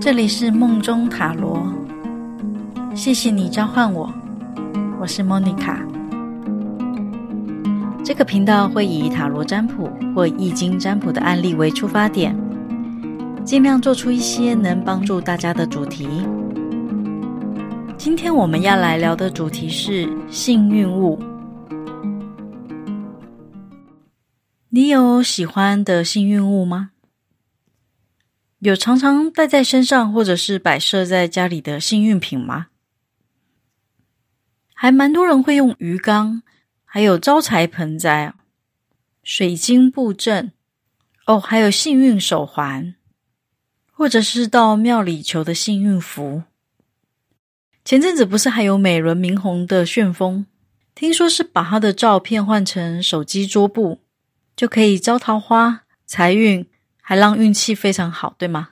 這裡是夢中塔羅，謝謝你召喚我，我是莫妮卡。這個頻道會以塔羅占卜或易經占卜的案例為出發點，盡量做出一些能幫助大家的主題。今天我們要來聊的主題是幸運物。你有喜歡的幸運物嗎？有常常戴在身上，或者是擺設在家裡的幸運品嗎？還蠻多人會用魚缸，還有招財盆栽、水晶布陣，哦，還有幸運手環，或者是到廟裡求的幸運符。前陣子不是還有美輪明宏的旋風？聽說是把他的照片換成手機桌布，就可以招桃花、財運。還讓運氣非常好，對嗎？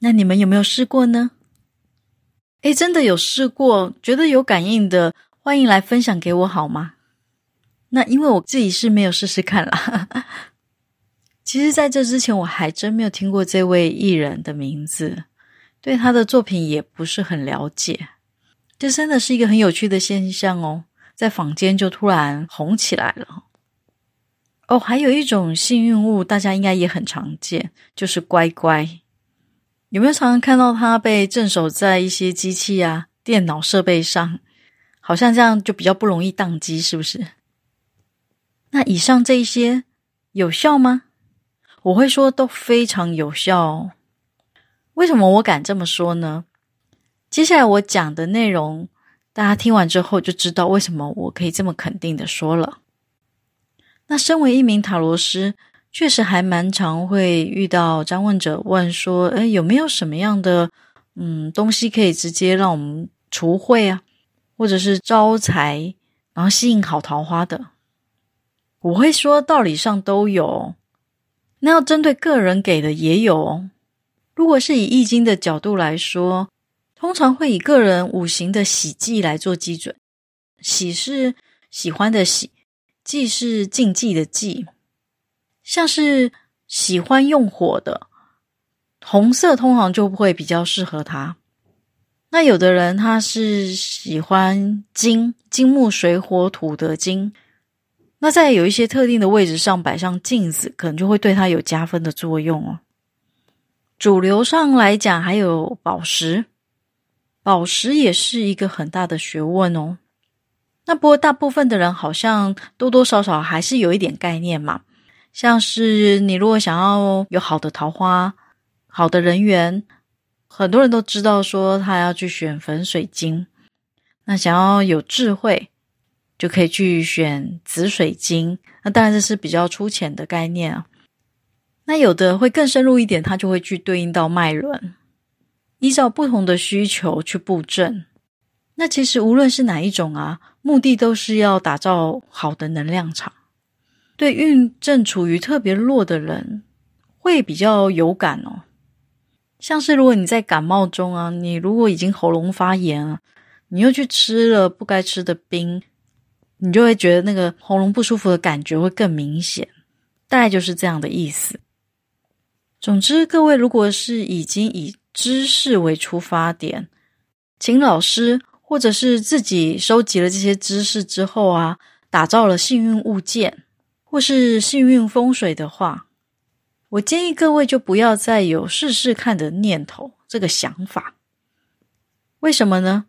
那你們有沒有試過呢？哎，真的有試過，覺得有感應的，歡迎來分享給我好嗎？那因為我自己是沒有試試看啦。 其實，在這之前，我還真沒有聽過這位藝人的名字，對他的作品也不是很了解。這真的是一個很有趣的現象哦，在坊間就突然紅起來了。哦，還有一種幸運物，大家應該也很常見，就是乖乖。有沒有常常看到它被鎮守在一些機器啊、電腦設備上？好像這樣就比較不容易宕機，是不是？那以上這一些有效嗎？我會說都非常有效哦。為什麼我敢這麼說呢？接下來我講的內容，大家聽完之後就知道為什麼我可以這麼肯定的說了。那身為一名塔羅師，確實還蠻常會遇到占問者問說：“誒，有沒有什麼樣的嗯東西可以直接讓我們除晦啊，或者是招財，然後吸引好桃花的？”我會說道理上都有，那要針對個人給的也有。如果是以易經的角度來說，通常會以個人五行的喜忌來做基準，喜是喜歡的喜。忌是禁忌的忌，像是喜歡用火的，紅色通常就會比較適合他。那有的人他是喜歡金，金木水火土的金，那在有一些特定的位置上擺上鏡子，可能就會對他有加分的作用哦。主流上來講，還有寶石，寶石也是一個很大的學問哦。那不過，大部分的人好像多多少少還是有一點概念嘛。像是你如果想要有好的桃花、好的人緣，很多人都知道說他要去選粉水晶。那想要有智慧，就可以去選紫水晶。那當然這是比較粗淺的概念啊。那有的會更深入一點，他就會去對應到脈輪，依照不同的需求去布陣。那其實無論是哪一種啊，目的都是要打造好的能量場。對運正處於特別弱的人，會比較有感哦。像是如果你在感冒中啊，你如果已經喉嚨發炎了，你又去吃了不該吃的冰，你就會覺得那個喉嚨不舒服的感覺會更明顯。大概就是這樣的意思。總之，各位如果是已經以知識為出發點，請老師。或者是自己收集了這些知識之後啊，打造了幸運物件，或是幸運風水的話，我建議各位就不要再有試試看的念頭，這個想法。為什麼呢？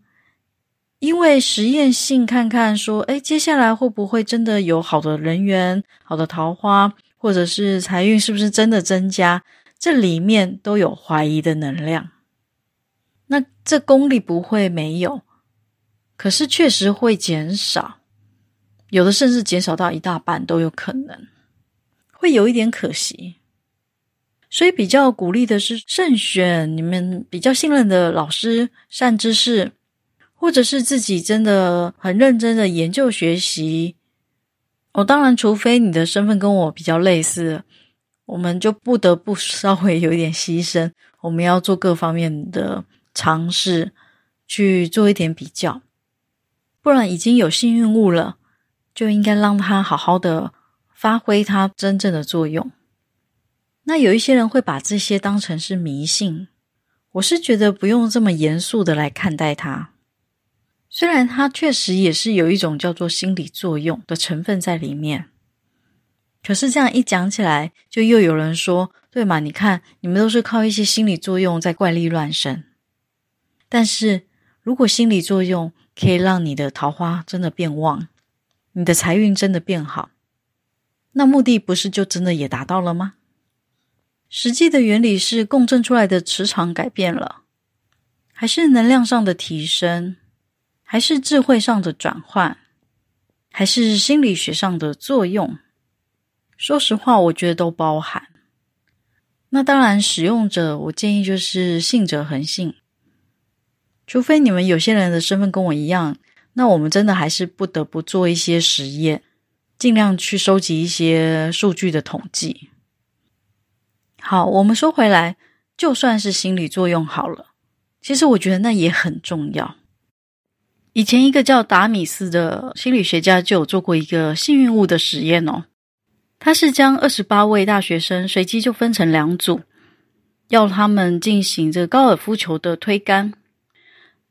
因為實驗性看看說，哎，接下來會不會真的有好的人緣、好的桃花，或者是財運是不是真的增加？這裡面都有懷疑的能量。那這功力不會沒有。可是確實會減少，有的甚至減少到一大半都有可能，會有一點可惜。所以比較鼓勵的是，慎選你們比較信任的老師、善知識，或者是自己真的很認真的研究學習。我、哦、當然，除非你的身份跟我比較類似，我們就不得不稍微有一點犧牲，我們要做各方面的嘗試，去做一點比較。不然已經有幸運物了，就應該讓它好好的發揮它真正的作用。那有一些人會把這些當成是迷信，我是覺得不用這麼嚴肅的來看待它。雖然它確實也是有一種叫做心理作用的成分在裡面，可是這樣一講起來，就又有人說：“對嘛，你看，你們都是靠一些心理作用在怪力亂神。”但是如果心理作用，可以讓你的桃花真的變旺，你的財運真的變好，那目的不是就真的也達到了嗎？實際的原理是共振出來的磁場改變了，還是能量上的提升，還是智慧上的轉換，還是心理學上的作用？說實話，我覺得都包含。那當然，使用者我建議就是信者恆信。除非你們有些人的身份跟我一樣，那我們真的還是不得不做一些實驗，盡量去收集一些數據的統計。好，我們說回來，就算是心理作用好了，其實我覺得那也很重要。以前一個叫達米斯的心理學家就有做過一個幸運物的實驗哦，他是將二十八位大學生隨機就分成兩組，要他們進行這個高爾夫球的推桿。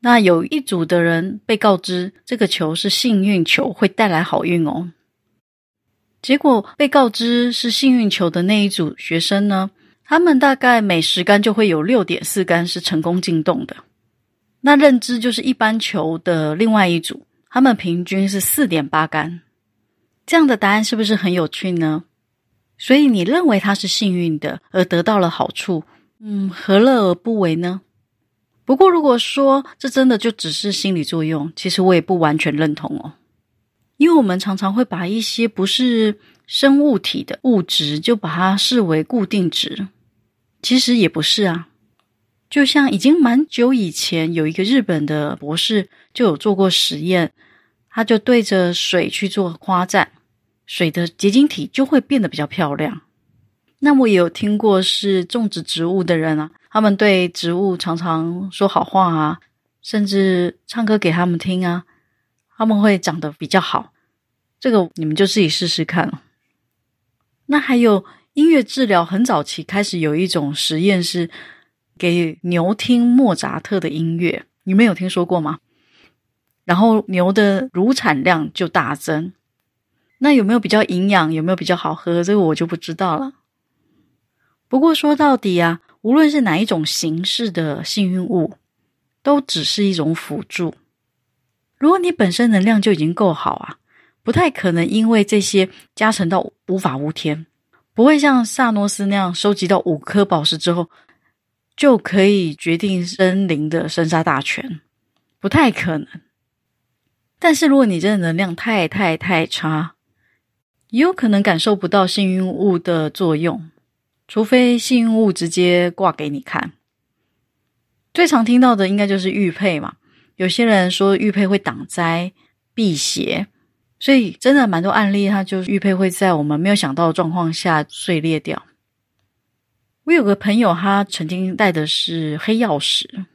那有一組的人被告知這個球是幸運球，會帶來好運哦。結果被告知是幸運球的那一組學生呢，他們大概每十桿就會有六點四桿是成功進洞的。那認知就是一般球的另外一組，他們平均是四點八桿。這樣的答案是不是很有趣呢？所以你認為他是幸運的，而得到了好處，嗯，何樂而不為呢？不過，如果說這真的就只是心理作用，其實我也不完全認同哦，因為我們常常會把一些不是生物體的物質就把它視為固定值，其實也不是啊。就像已經蠻久以前有一個日本的博士就有做過實驗，他就對着水去做誇讚，水的結晶體就會變得比較漂亮。那我也有聽過是種植植物的人啊。他們對植物常常說好話啊，甚至唱歌給他們聽啊，他們會長得比較好。這個你們就自己試試看。那還有音樂治療，很早期開始有一種實驗是給牛聽莫扎特的音樂，你們有聽說過嗎？然後牛的乳產量就大增。那有沒有比較營養？有沒有比較好喝？這個我就不知道了。不過說到底啊。無論是哪一種形式的幸運物，都只是一種輔助。如果你本身能量就已經夠好啊，不太可能因為這些加成到無法無天，不會像薩諾斯那樣收集到五顆寶石之後就可以決定生靈的生殺大權，不太可能。但是如果你真的能量太太太差，也有可能感受不到幸運物的作用。除非幸運物直接掛給你看，最常聽到的應該就是玉佩嘛。有些人說玉佩會擋災辟邪，所以真的蠻多案例，它就是玉佩會在我們沒有想到的狀況下碎裂掉。我有個朋友，他曾經帶的是黑曜石。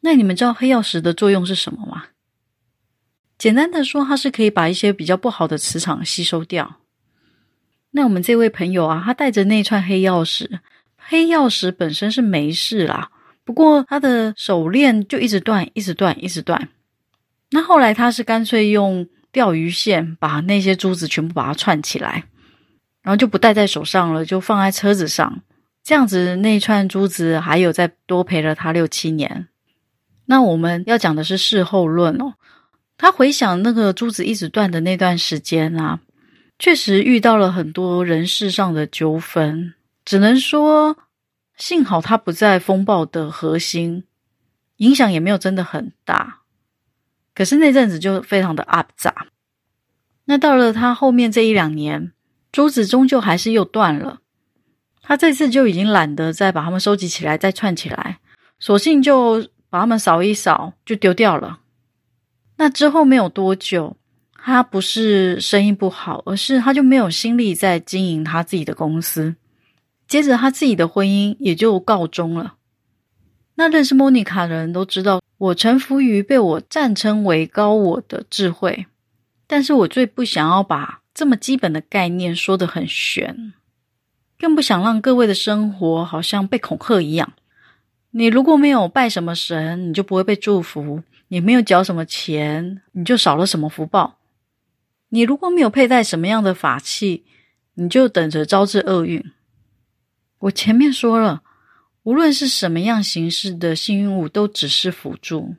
那你們知道黑曜石的作用是什麼嗎？簡單的說，它是可以把一些比較不好的磁場吸收掉。那我們這位朋友啊，他帶着那串黑曜石，黑曜石本身是沒事啦，不過他的手鏈就一直斷，一直斷，一直斷。那後來他是乾脆用釣魚線把那些珠子全部把它串起來，然後就不戴在手上了，就放在車子上。這樣子那串珠子還有再多陪了他六七年。那我們要講的是事後論哦，他回想那個珠子一直斷的那段時間啊。確實遇到了很多人事上的糾紛，只能說幸好他不在風暴的核心，影響也沒有真的很大。可是那陣子就非常的阿雜。那到了他後面這一兩年，珠子終究還是又斷了。他這次就已經懶得再把它們收集起來，再串起來，索性就把它們掃一掃就丟掉了。那之後沒有多久。他不是生意不好，而是他就沒有心力在經營他自己的公司。接着，他自己的婚姻也就告終了。那認識莫妮卡的人都知道，我臣服於被我暫稱為高我的智慧，但是我最不想要把這麼基本的概念說得很玄，更不想讓各位的生活好像被恐嚇一樣。你如果沒有拜什麼神，你就不會被祝福；你沒有繳什麼錢，你就少了什麼福報。你如果沒有佩戴什麼樣的法器，你就等着招致厄運。我前面說了，無論是什麼樣形式的幸運物，都只是輔助。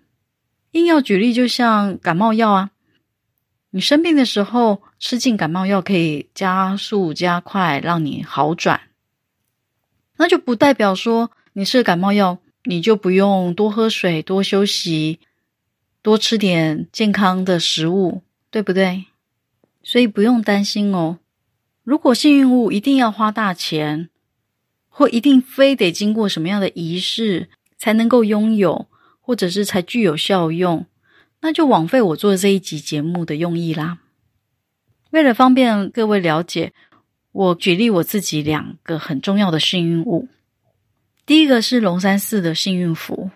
硬要舉例，就像感冒藥啊，你生病的時候吃進感冒藥，可以加速加快讓你好轉，那就不代表說你吃了感冒藥，你就不用多喝水、多休息、多吃點健康的食物，對不對？所以不用擔心哦。如果幸運物一定要花大錢，或一定非得經過什麼樣的儀式才能夠擁有，或者是才具有效用，那就枉費我做這一集節目的用意啦。為了方便各位了解，我舉例我自己兩個很重要的幸運物。第一個是龍山寺的幸運符，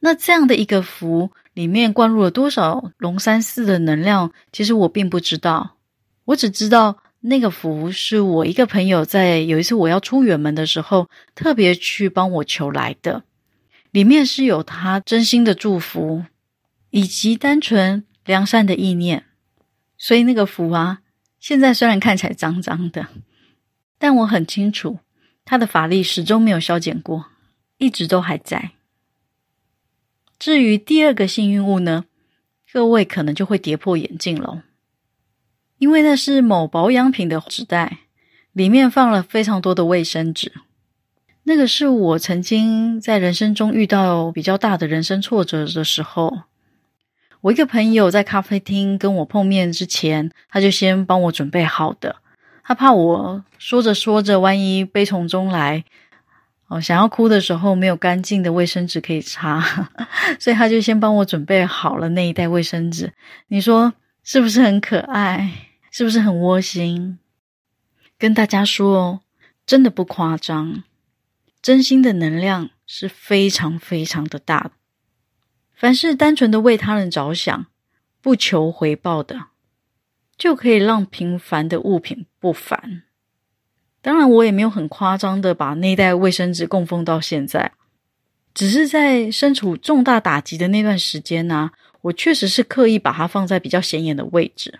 那這樣的一個符。裡面灌入了多少龍山寺的能量？其實我並不知道，我只知道那個符，是我一個朋友在有一次我要出遠門的時候，特別去幫我求來的。裡面是有他真心的祝福，以及單純良善的意念。所以那個符啊，現在雖然看起來髒髒的，但我很清楚他的法力始終沒有消減過，一直都還在。至於第二個幸運物呢，各位可能就會跌破眼鏡了，因為那是某保養品的紙袋，裡面放了非常多的衛生紙。那個是我曾經在人生中遇到比較大的人生挫折的時候，我一個朋友在咖啡廳跟我碰面之前，他就先幫我準備好的，他怕我說着說着，萬一悲從中來。哦，想要哭的時候沒有乾淨的衛生紙可以擦， 所以他就先幫我準備好了那一袋衛生紙。你說是不是很可愛？是不是很窩心？跟大家說哦，真的不誇張，真心的能量是非常非常的大的。凡是單純的為他人着想，不求回報的，就可以讓平凡的物品不凡。當然，我也沒有很誇張的把那一袋衛生紙供奉到現在，只是在身處重大打擊的那段時間呢、啊，我確實是刻意把它放在比較顯眼的位置，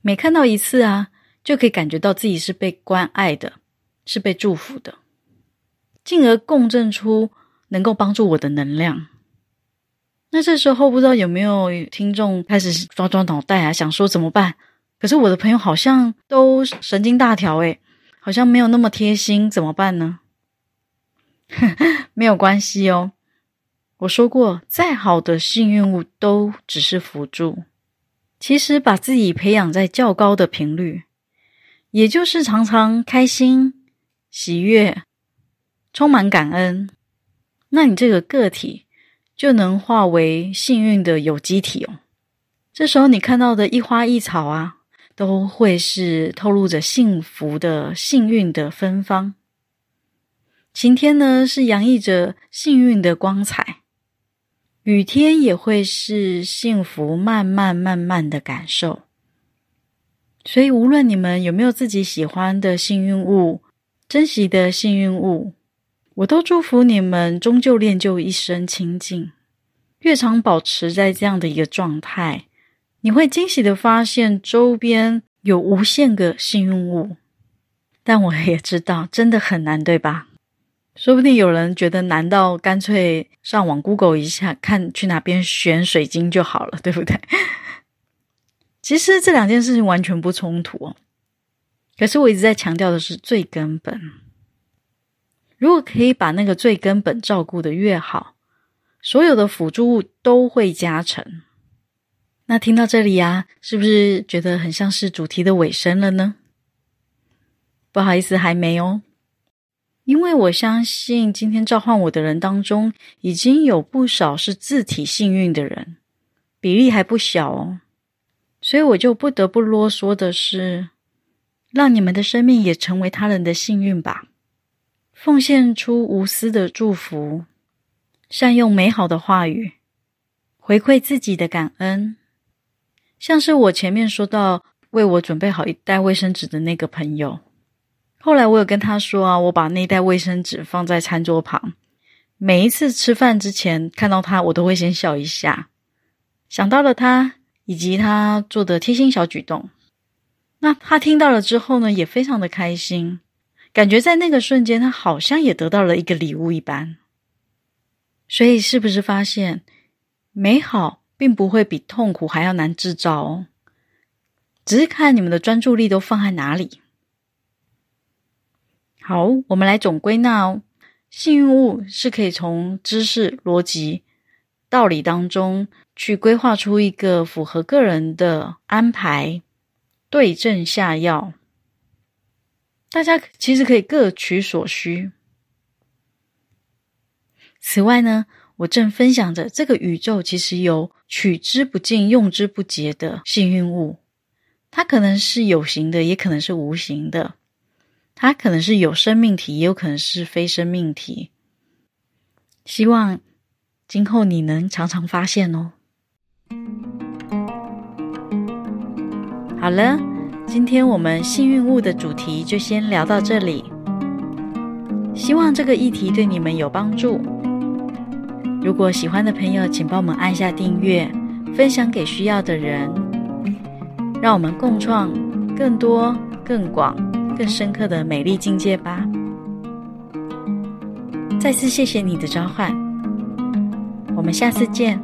每看到一次啊，就可以感覺到自己是被關愛的，是被祝福的，進而共振出能夠幫助我的能量。那這時候，不知道有沒有聽眾開始抓抓腦袋啊，想說怎麼辦？可是我的朋友好像都神經大條誒。好像沒有那麼貼心，怎麼辦呢？ 沒有關係哦。我說過，再好的幸運物都只是輔助。其實，把自己培養在較高的頻率，也就是常常開心、喜悅、充滿感恩，那你這個個體就能化為幸運的有機體哦。這時候，你看到的一花一草啊，都會是透露着幸福的、幸運的芬芳。晴天呢，是洋溢着幸運的光彩；雨天也會是幸福慢慢慢慢的感受。所以，無論你們有沒有自己喜歡的幸運物、珍惜的幸運物，我都祝福你們終究練就一身清淨，越常保持在這樣的一個狀態。你會驚喜地發現周邊有無限個幸運物，但我也知道真的很難，對吧？說不定有人覺得難到乾脆上網 Google 一下，看去哪邊選水晶就好了，對不對？其實這兩件事情完全不衝突哦。可是我一直在強調的是最根本。如果可以把那個最根本照顧得越好，所有的輔助物都會加成。那聽到這裡呀、啊，是不是覺得很像是主題的尾聲了呢？不好意思，還沒哦，因為我相信今天召喚我的人當中，已經有不少是自體幸運的人，比例還不小哦，所以我就不得不囉嗦的是，讓你們的生命也成為他人的幸運吧，奉獻出無私的祝福，善用美好的話語，回饋自己的感恩。像是我前面說到為我準備好一袋衛生紙的那個朋友，後來我有跟他說啊，我把那袋衛生紙放在餐桌旁，每一次吃飯之前看到他，我都會先笑一下，想到了他以及他做的貼心小舉動，那他聽到了之後呢，也非常的開心，感覺在那個瞬間他好像也得到了一個禮物一般，所以是不是發現美好？並不會比痛苦還要難製造哦，只是看你們的專注力都放在哪裡。好，我們來總歸納哦，幸運物是可以從知識、邏輯、道理當中去規劃出一個符合個人的安排，對症下藥。大家其實可以各取所需。此外呢，我正分享着，這個宇宙其實有取之不盡、用之不竭的幸運物，它可能是有形的，也可能是無形的；它可能是有生命體，也有可能是非生命體。希望今後你能常常發現哦。好了，今天我們幸運物的主題就先聊到這裡。希望這個議題對你們有幫助。如果喜歡的朋友，請幫我們按下訂閱，分享給需要的人，讓我們共創更多、更廣、更深刻的美麗境界吧！再次謝謝你的召喚，我們下次見。